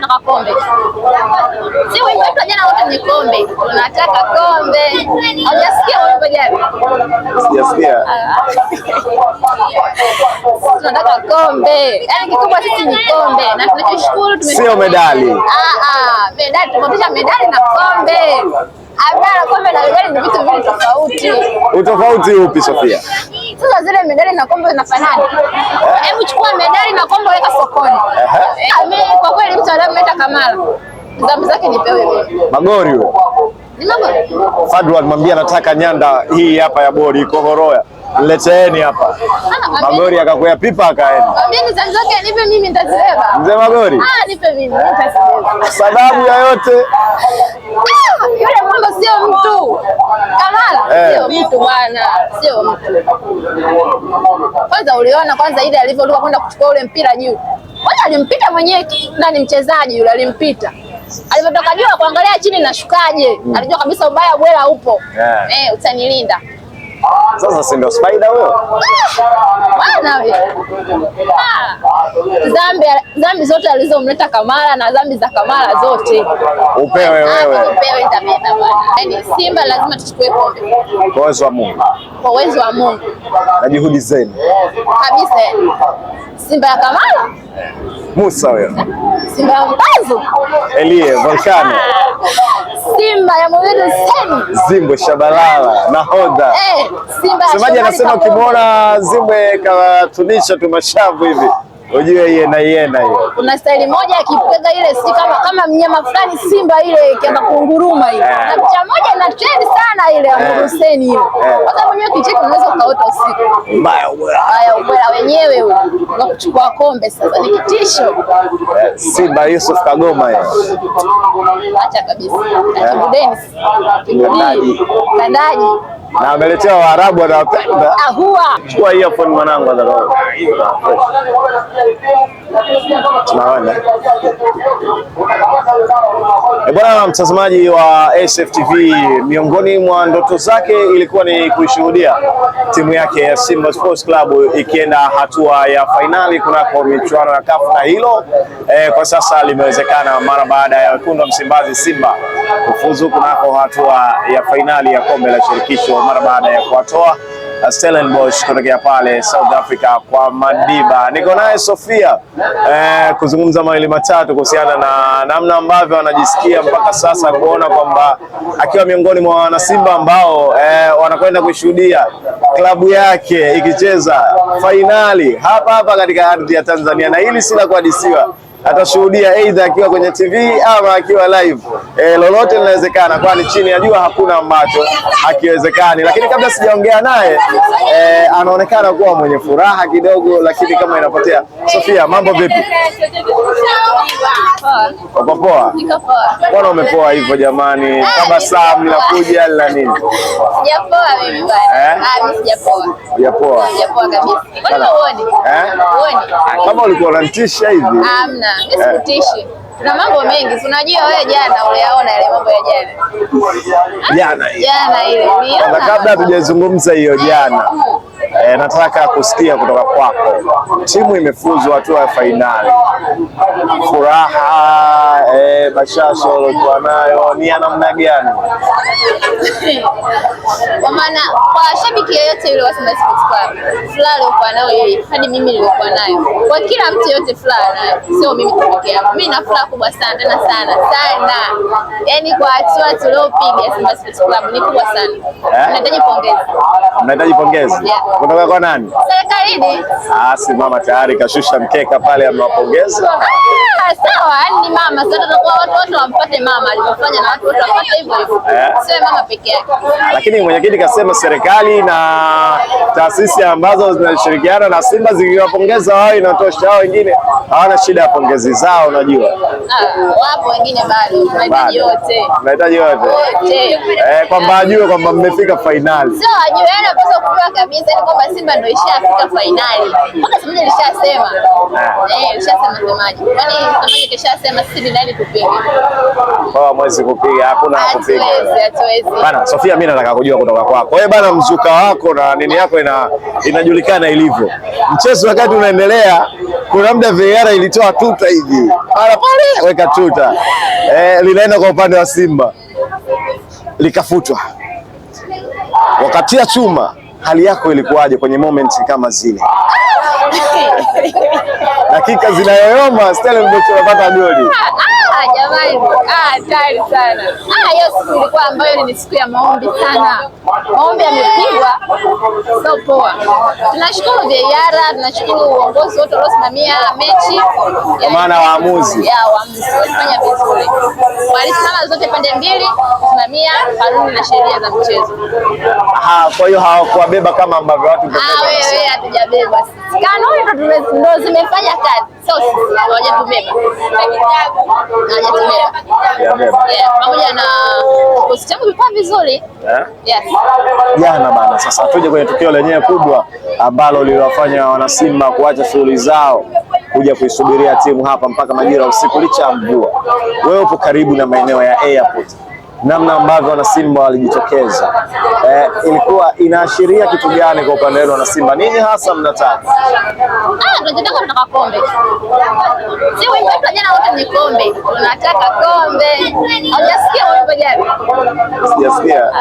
tuna kombe, si wengi wetu jana wote ni kombe, tunataka kombe. Hujasikia wimbo jana? Sijasikia. Tunataka kombe, yaani kikubwa sisi ni kombe, na tunachoshukuru sio medali. Ah ah, medali tumepata medali na kombe Ambaye kombe na medali ni vitu viwili tofauti. Utofauti upi Sofia? Sasa zile medali na kombe zinafanana. Hebu chukua medali na kombe weka sokoni. Kwa kweli mtu anaweza kamala. Dhambi zake nipewe mimi. Magori huyo. Ni magori. Fadwa anamwambia nataka nyanda hii hapa ya bori iko Horoya. Leteeni hapa. Magori akakuya pipa akaenda. Mimi zake nipe mimi nitazibeba. Mzee Magori. Ah, nipe mimi nitazibeba. Sababu ya yote. Ah, yule mwanzo sio mtu. Kamala eh. sio mtu bwana, sio mtu. Kwanza uliona kwanza ile alivyoruka kwenda kuchukua ule mpira juu. Wala alimpita mwenyewe nani mchezaji yule alimpita. Alivyotoka jua kuangalia chini nashukaje, mm. alijua kabisa ubaya bwela upo yeah. Eh, utanilinda sasa, si ndio spider huyo bwana? Ah, dhambi dhambi zote alizomleta Kamara na dhambi za Kamara zote upewe ah, wewe, upewe nitabeba bwana. Yani Simba lazima tuchukue kombe kwa uwezo wa Mungu, kwa uwezo wa Mungu na juhudi zenu kabisa. Simba ya Kamara eh. Musa wewe. Simba ya mbazo. Elie Volcano. Simba ya Mohamed Hussein. Zimbwe Shabalala nahodha. Eh, Simba. Semaji anasema ukimwona Zimbwe katunisha tu mashavu hivi. Ujue ienda ienda hiyo. Kuna staili moja akipiga ile si kama kama mnyama fulani simba ile ikianza kuunguruma ile. Eh. Na picha moja na trend sana ile ya Hussein eh. ile. Hata eh. mwenyewe kicheko unaweza ukaota usiku. Mbaya ubwela. Mbaya ubwela wenyewe huyo. kuchukua kombe sasa ni kitisho. Simba Yusuf Kagoma yeye. Acha kabisa. Acha Dennis. Kandaji. Kandaji na ameletea Waarabu anawapenda. Ah, Chukua hiyo phone mwanangu, tunaona eh, bwana mtazamaji wa SFTV, miongoni mwa ndoto zake ilikuwa ni kuishuhudia timu yake ya Simba Sports Club ikienda hatua ya fainali kunako michuano ya kafu na hilo e, kwa sasa limewezekana mara baada ya wekundu wa Msimbazi Simba kufuzu kunako hatua ya fainali ya kombe la shirikisho mara baada ya kuwatoa Stellenbosch kutokea pale South Africa kwa Madiba. Niko naye Sofia eh, kuzungumza mawili matatu kuhusiana na namna ambavyo anajisikia mpaka sasa kuona kwamba akiwa miongoni mwa wanasimba ambao eh, wanakwenda kushuhudia klabu yake ikicheza fainali hapa hapa katika ardhi ya Tanzania, na hili si la kuhadisiwa atashuhudia aidha akiwa kwenye TV ama akiwa live. E, lolote linawezekana, kwani chini ya jua hakuna ambacho hakiwezekani. Lakini kabla sijaongea naye e, anaonekana kuwa mwenye furaha kidogo, lakini kama inapotea. Sofia, mambo vipi? Uko poa? Mbona umepoa hivyo jamani? saa mnakuja la nini? Sijapoa mimi bwana. Eh? Ah, mimi sijapoa. Sijapoa. kabisa. Eh? Kama ulikuwa unanitisha hivi. Hamna. Hapana, sikutishi. Tuna mambo mengi tunajua. Wewe jana uliyaona yale mambo ya jana jana, jana ile kabla tujazungumza hiyo jana mm-hmm. E, nataka kusikia kutoka kwako, timu imefuzu hatua ya fainali, furaha e, bashasha uliokuwa nayo ni ya namna gani? Kwa maana kwa shabiki yoyote yule wa Simba Sports Club, furaha aliyokuwa nayo yeye hadi mimi nilikuwa nayo, kwa kila mtu yoyote furaha nayo, sio mimi pekee yangu. Mimi na furaha kubwa sana tena sana sana, yaani kwa hatua tuliopiga Simba Sports Club ni kubwa sana. Eh? Tunahitaji pongezi, tunahitaji pongezi yeah. Kutoka kwa nani? Serikalini. Ah, si mama tayari kashusha mkeka pale, amewapongeza. Ah, sawa, yani ni mama sasa, tunakuwa watu wote wampate mama alipofanya na watu wote wapate hivyo hivyo. Eh? Sio mama peke yake. Lakini mwenyekiti kasema serikali na taasisi ambazo zinashirikiana na Simba zikiwapongeza wao inatosha, wao wengine hawana shida ya pongezi zao, unajua. Ah, wapo wengine bado, tunahitaji wote. Tunahitaji yote Eh, kwamba ajue kwamba mmefika finali. Sio ajue, anapaswa yaani kupewa kabisa kuhakikisha kwamba Simba ndio ishafika fainali, mpaka Semaji alishasema ah. eh, alishasema Semaji, kwani Semaji keshasema sisi ni nani kupiga kwa mwezi kupiga, hakuna kupiga, hatuwezi bana. Sofia, mimi nataka kujua kutoka kwako wewe bana, mzuka wako na nini yako ina inajulikana ilivyo. Mchezo wakati unaendelea, kuna muda VAR ilitoa tuta hivi pale pale, weka tuta eh, linaenda kwa upande wa Simba likafutwa, wakatia chuma hali yako ilikuwaje kwenye moment kama zile? dakika zinayoyoma Stellenbosch anapata goli Jamani, ah, hatari sana ah, hiyo siku ilikuwa ambayo ni siku ya maombi sana, maombi yamepigwa sio poa. Tunashukuru VAR, tunashukuru uongozi wote waliosimamia mechi, kwa maana waamuzi ya waamuzi walifanya vizuri, walisimama zote pande mbili kusimamia kanuni na sheria za mchezo. Aha, kwa hiyo hawakuwabeba kama ambavyo watu. Ah, wewe hatujabeba, kanuni ndo zimefanya kazi sosi hawajatubeba hawajatubeba pamoja na kikosi changu vizuri eh? jana bana. Sasa tuje kwenye tukio lenyewe kubwa ambalo liliwafanya wanasimba kuacha shughuli zao kuja kuisubiria timu hapa mpaka majira usiku licha ya mvua. Wewe upo karibu na maeneo ya airport namna ambavyo wanasimba walijitokeza eh, ilikuwa inaashiria kitu gani kwa upande wenu wanasimba? Nini hasa mnataka? Ah, tunataka tunataka kombe, si wimbo wetu jana wote ni kombe, tunataka kombe. Hujasikia wimbo jana? Sijasikia.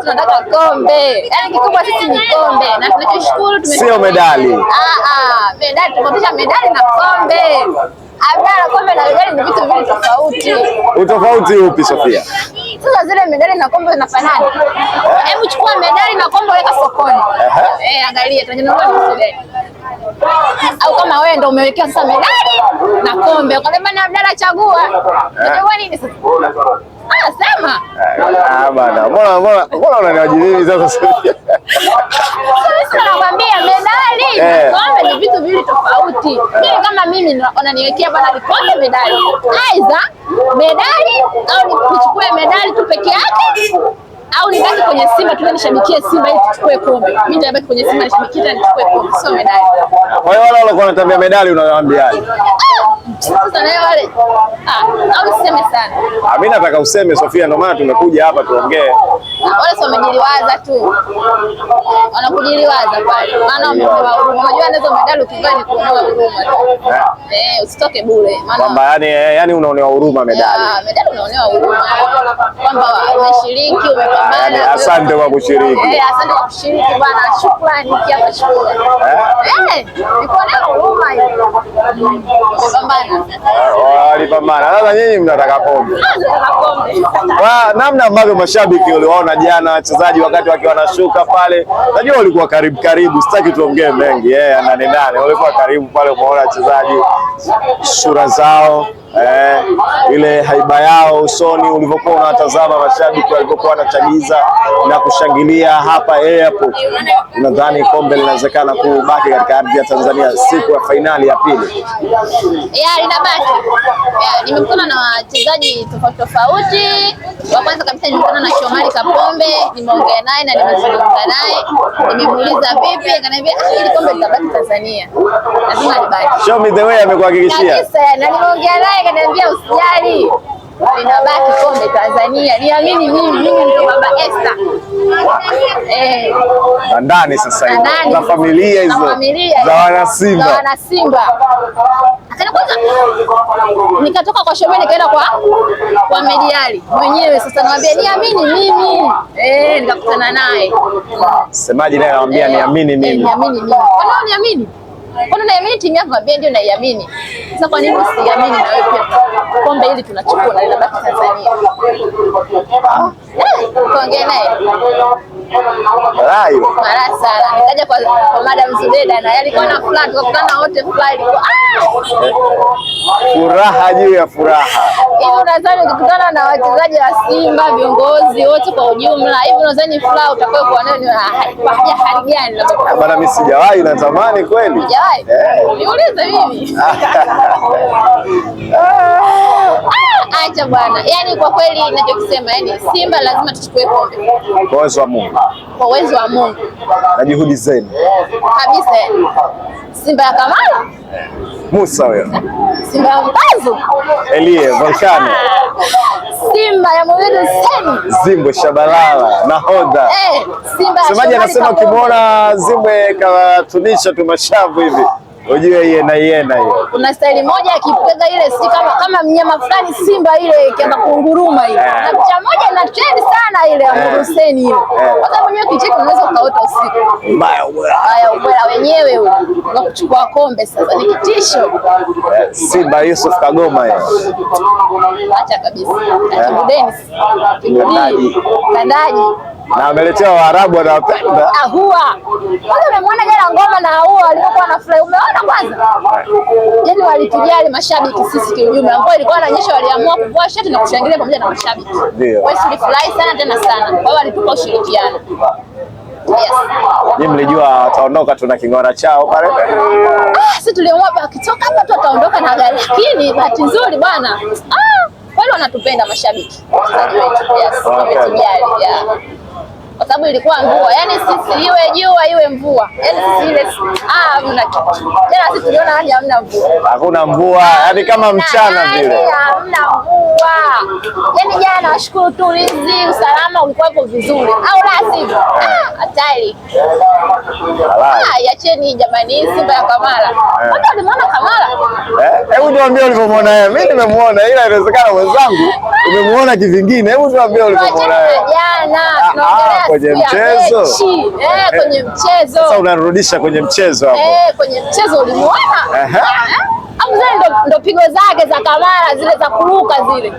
Tunataka kombe, yaani kikubwa sisi ni kombe, na tunachoshukuru tumeshinda, sio medali. Ah, ah, medali tumepata medali na kombe. Abdalla na medali ni vitu vile tofauti. Utofauti upi Sofia? Sasa zile medali na kombe zinafanana. Hebu chukua medali na kombe weka sokoni. Eh, angalia tunajua ni Au kama wewe ndo umewekea sasa medali na kombe, ukamwambia na Abdalla chagua. Eh. nini Ah, sema. Ah, bana. Mbona mbona mbona unaniwajibu sasa? Sasa nakwambia medali na eh. kombe ni vitu tofauti. Mimi kama mimi wananiwekea bwana nikose medali, aidha medali au nichukue medali tu peke yake au nibaki kwenye Simba tu nishabikie Simba ili tuchukue kombe. Mimi nitabaki kwenye Simba nishabikie tena nichukue kombe, sio medali. Kwa hiyo wale walikuwa wanatambia medali unawaambiaje? Ah, ah, mimi nataka useme Sofia, ndio maana tumekuja hapa tuongee. Wale sio wamejiliwaza tu, wanakujiliwaza pale, maana wamepewa huruma. unajua nazo medali ukivaa ni kuonewa huruma, eh. eh, usitoke bure, maana kwamba yani eh, yani unaonewa huruma medali, Ah, medali unaonewa huruma kwamba umeshiriki umepata yani asante kwa kushiriki. Eh, asante kwa kushiriki bwana. Shukrani kwa shukrani. Eh, eh niko na huruma hiyo. Eh, walipambana. Sasa nyinyi mnataka kombe. Ah, kwa namna ambavyo mashabiki uliwaona jana wachezaji wakati wakiwa wanashuka pale, najua walikuwa karibu karibu, sitaki tuongee mengi. Yeye yeah, walikuwa karibu pale, umeona wachezaji sura zao eh, ile haiba yao usoni ulivyokuwa unatazama mashabiki walivyokuwa wanachagiza na kushangilia hapa airport, unadhani kombe linawezekana kubaki katika ardhi ya Tanzania siku ya fainali ya pili? Ya linabaki. Nimekutana na wachezaji tofauti tofauti. Wa kwanza kabisa nimekutana na Shomari Kapombe, nimeongea naye na nimezungumza naye, nimemuuliza vipi, akaniambia ah, ile kombe litabaki Tanzania, lazima libaki. Show me the way, amekuhakikishia na nimeongea naye yake akaniambia usijali, linabaki kombe Tanzania, niamini mimi, mimi ndio baba Esther eh, ndani sasa hivi na familia hizo za wana Simba, za wana Simba. Kwanza nikatoka kwa shemeji nikaenda kwa kwa mediali mwenyewe, sasa niambia niamini mimi eh, nikakutana naye semaji naye anamwambia eh, niamini eh, mimi, niamini mimi, kwa nini niamini Kwani naamini timu yako Gabia ndio naiamini. Sasa kwa nini usiamini na wewe pia? Kombe hili tunachukua na linabaki Tanzania. Ah. Eh, tuongee naye. Marayo. Marayo sana. Nikaja kwa kwa Madam Zubeda na alikuwa na flat kwa kukana wote fly. Ah! Eh, furaha juu ya furaha. Hivi unadhani ukikutana na wachezaji wa Simba, viongozi wote kwa ujumla, hivi unadhani furaha utakayokuwa nayo ni ah, hali gani? Ah, bana, mimi sijawahi, zamani kweli. Sijawahi. Eh. Niulize mimi. Ah. Acha bwana, yani kwa kweli ninachokisema, yani Simba lazima tuchukue kombe kwa uwezo wa Mungu, kwa uwezo wa Mungu na juhudi zenu kabisa. Simba ya Kamala eh. Musa wewe. Simba ya Mbazu. Elie Volcano. Ah, Simba ya Mohamed Hussein. Zimbwe Shabalala nahodha. Eh, Simba. Semaji anasema ukimwona Zimbwe kawatunisha tu mashavu hivi. Ujue iena na hiyo. Kuna staili moja akipiga ile si kama kama mnyama fulani simba ile ikianza kunguruma ile. Eh. Na picha moja na trend sana ile ya eh. Hussein ile. Eh. Kwanza mwenyewe kicheko unaweza ukaota usiku. Mbaya ubwela. Mbaya ubwela wenyewe huyo. kuchukua kombe sasa ni kitisho. Simba Yusuf Kagoma yeye. Acha kabisa. Acha Dennis. Kandaji. Kandaji. Na ameletewa Waarabu anawapenda. Ahua. Kwanza unamwona jana ngoma na ahua alipokuwa anafurahi. Umeona Unaona kwanza, yani walitujali mashabiki sisi kiujumla, ambao ilikuwa wananyesha, waliamua kuvua shati na kushangilia pamoja na mashabiki. Tulifurahi sana tena sana, kwa hiyo walitupa ushirikiano. Yes. Ni mlijua ataondoka tuna king'ora chao pale. Ah, sisi tuliamua akitoka hapa tu ataondoka na gari, lakini bahati nzuri bwana, ah, wale wanatupenda mashabiki. Yes, okay kwa sababu ilikuwa mvua, yani sisi iwe jua iwe mvua, yani sisi ile ah, hamna kitu tena. Sisi tuliona hadi hamna mvua, hakuna mvua, yani kama mchana vile hamna mvua. Yani jana nashukuru tu ulinzi, usalama ulikuwa hapo vizuri, au la sivyo eh. ah, hatari. Ah, yacheni jamani, Simba ya Kamara, mbona eh. walimwona Kamara. Eh, hebu niambie ulivyomwona yeye. Mimi nimemuona, ila inawezekana mwenzangu umemuona kivingine. Hebu niambie ulivyomwona yeye jana, ah, ah. tunaongelea kwenye mchezo eh, kwenye mchezo sasa unarudisha kwenye mchezo hapo eh, kwenye mchezo ulimuona eh, Ndo, ndo pigo zake za kamara zile za kuruka zile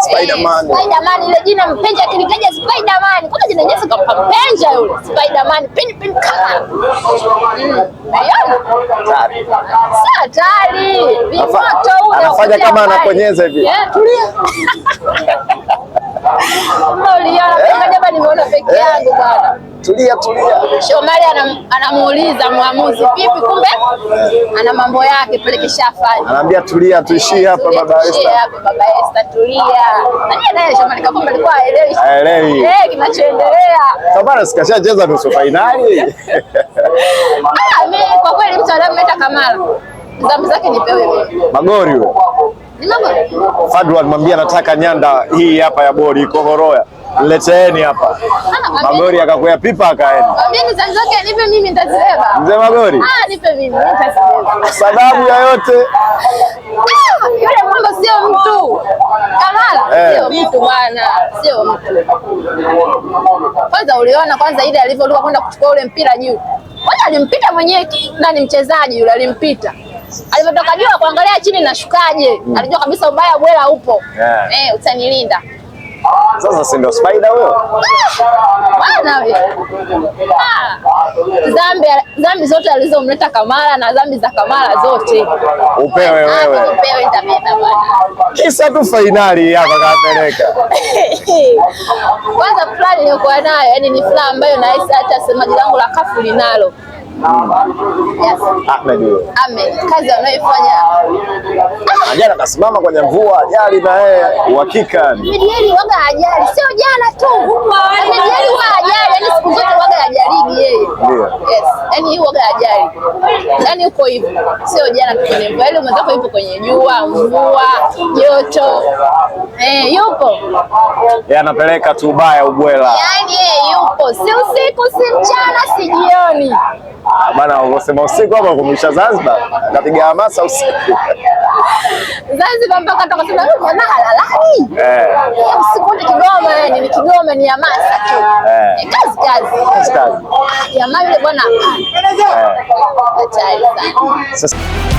Spider-Man. eh, Spider-Man ile jina mpenja kilikaja Spider-Man. kama jina kwa mpenja yule Spider-Man pin pin kama mm, satari vimoto, anafanya kama anaponyeza hivi, yeah. Eh? Eh? Tulia tulia. Shomari anamuuliza mwamuzi vipi, kumbe ana mambo yake pale kishafanya. Anaambia tulia, tuishie hapa baba Esther. Hapa baba Esther tulia. Nani naye Shomari kama alikuwa haelewi. Haelewi. Eh, kinachoendelea. Kabana sikashacheza nusu finali. Ah, mimi kwa kweli mtu meta Kamala. Zamu zake nipewe mimi. Magori huyo. Fadlu alimwambia nataka nyanda hii hapa ya bori iko Horoya, nileteeni hapa. Magori akakuya pipa akaenda. Mzee Magori, ah, sababu ya yote ah, yule mtu eh. mtu mtu Kamala, kwanza uliona kwanza ile alivyoruka kwenda kuchukua ule mpira juu, kwanza alimpita mwenyewe, na ni mchezaji yule alimpita Alipotoka jua kuangalia chini nashukaje, mm. Alijua kabisa ubaya bwela upo yeah. Eh, utanilinda sasa, si ndio Spider wewe? bwana wewe. Zambi, ah. zambi zote alizomleta Kamara na zambi za Kamara zote upewe ah, wewe, upewe nitabeba bwana, kisa tu finali hapa kapeleka. Kwanza plani nilikuwa nayo yani ni plan ambayo nahisi hata semaji langu la kafu linalo Ahmed huyo. Ahmed, kazi anayoifanya jana kasimama kwenye mvua ajali na yeye uhakika ni waga ajali, sio jana tu ajali wa ajali, yani siku zote waga ajali yeye, ndio yes yani hii waga ajali, yani uko hivyo, sio jana tu kwenye mvua, ile mwanzo yaani yupo kwenye jua, mvua, joto, eh, yupo yeye anapeleka tu ubaya ubwela, yani yeye yupo, si usiku si mchana si jioni bana, unasema usiku hapo kumisha Zanzibar, kapiga hamasa usiku Zanzibar mpaka tukasema mbona halalani? Eh. Usikunde Kigoma yani ni Kigoma ni hamasa tu. Eh. eh. Kazi kazi. Kazi. kazi. Jamaa yule bwana. Ah. Eh. Sasa